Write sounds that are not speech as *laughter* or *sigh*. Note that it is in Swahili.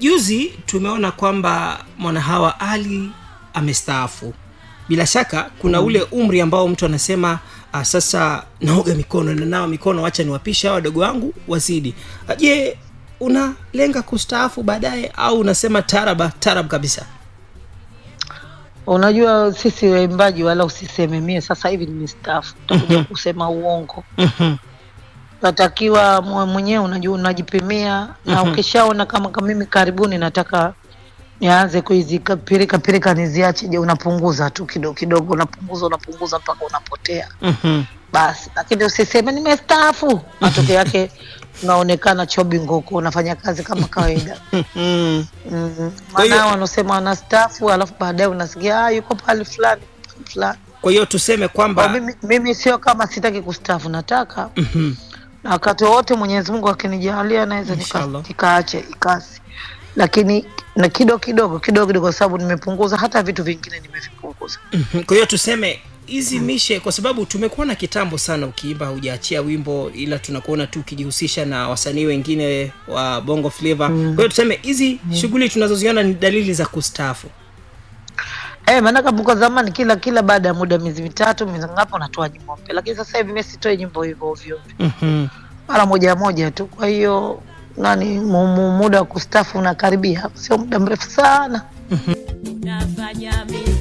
Juzi tumeona kwamba mwanahawa Ali amestaafu. Bila shaka kuna mm. ule umri ambao mtu anasema uh, sasa naoga mikono nanawa mikono, wacha hawa wadogo wangu wazidi. Ah, je, unalenga kustaafu baadaye au unasema taraba tarab kabisa? Unajua sisi waimbaji wala usiseme mie sasa hivi nimestaafu, takuja *laughs* kusema uongo mhm natakiwa mwenyewe unajua, unajipimia na mhm. ukishaona kama kama mimi karibuni nataka nianze kuizika niziache, je, unapunguza tu kidogo kidogo, unapunguza unapunguza mpaka unapotea. mm-hmm. Basi, lakini usiseme nimestaafu, *laughs* matokeo yake unaonekana chobi ngoko, unafanya kazi kama kawaida. *laughs* Mhm. mm. Mm-hmm. Maana wanasema wanastaafu, alafu baadaye unasikia ah, yuko pale fulani fulani. Kwa hiyo tuseme kwamba mimi, mimi sio kama sitaki kustafu nataka mm -hmm na wakati wowote Mwenyezi Mungu akinijalia naweza nikaache ikasi, lakini na kido kidogo kidogo kidogo, kwa sababu nimepunguza hata vitu vingine nimevipunguza. mm -hmm. Kwa hiyo tuseme hizi mishe, kwa sababu tumekuwa na kitambo sana, ukiimba hujaachia wimbo, ila tunakuona tu ukijihusisha na wasanii wengine wa bongo flava. mm -hmm. Kwa hiyo tuseme hizi mm -hmm. shughuli tunazoziona ni dalili za kustaafu. Eh, maanake Buka zamani kila kila baada ya muda miezi mitatu miezi ngapi unatoa nyimbo mpya, lakini sasa hivi mimi sitoi nyimbo hivyo ovyo mm mara moja moja tu. Kwa hiyo nani muda wa kustafu unakaribia, sio muda mrefu sana mm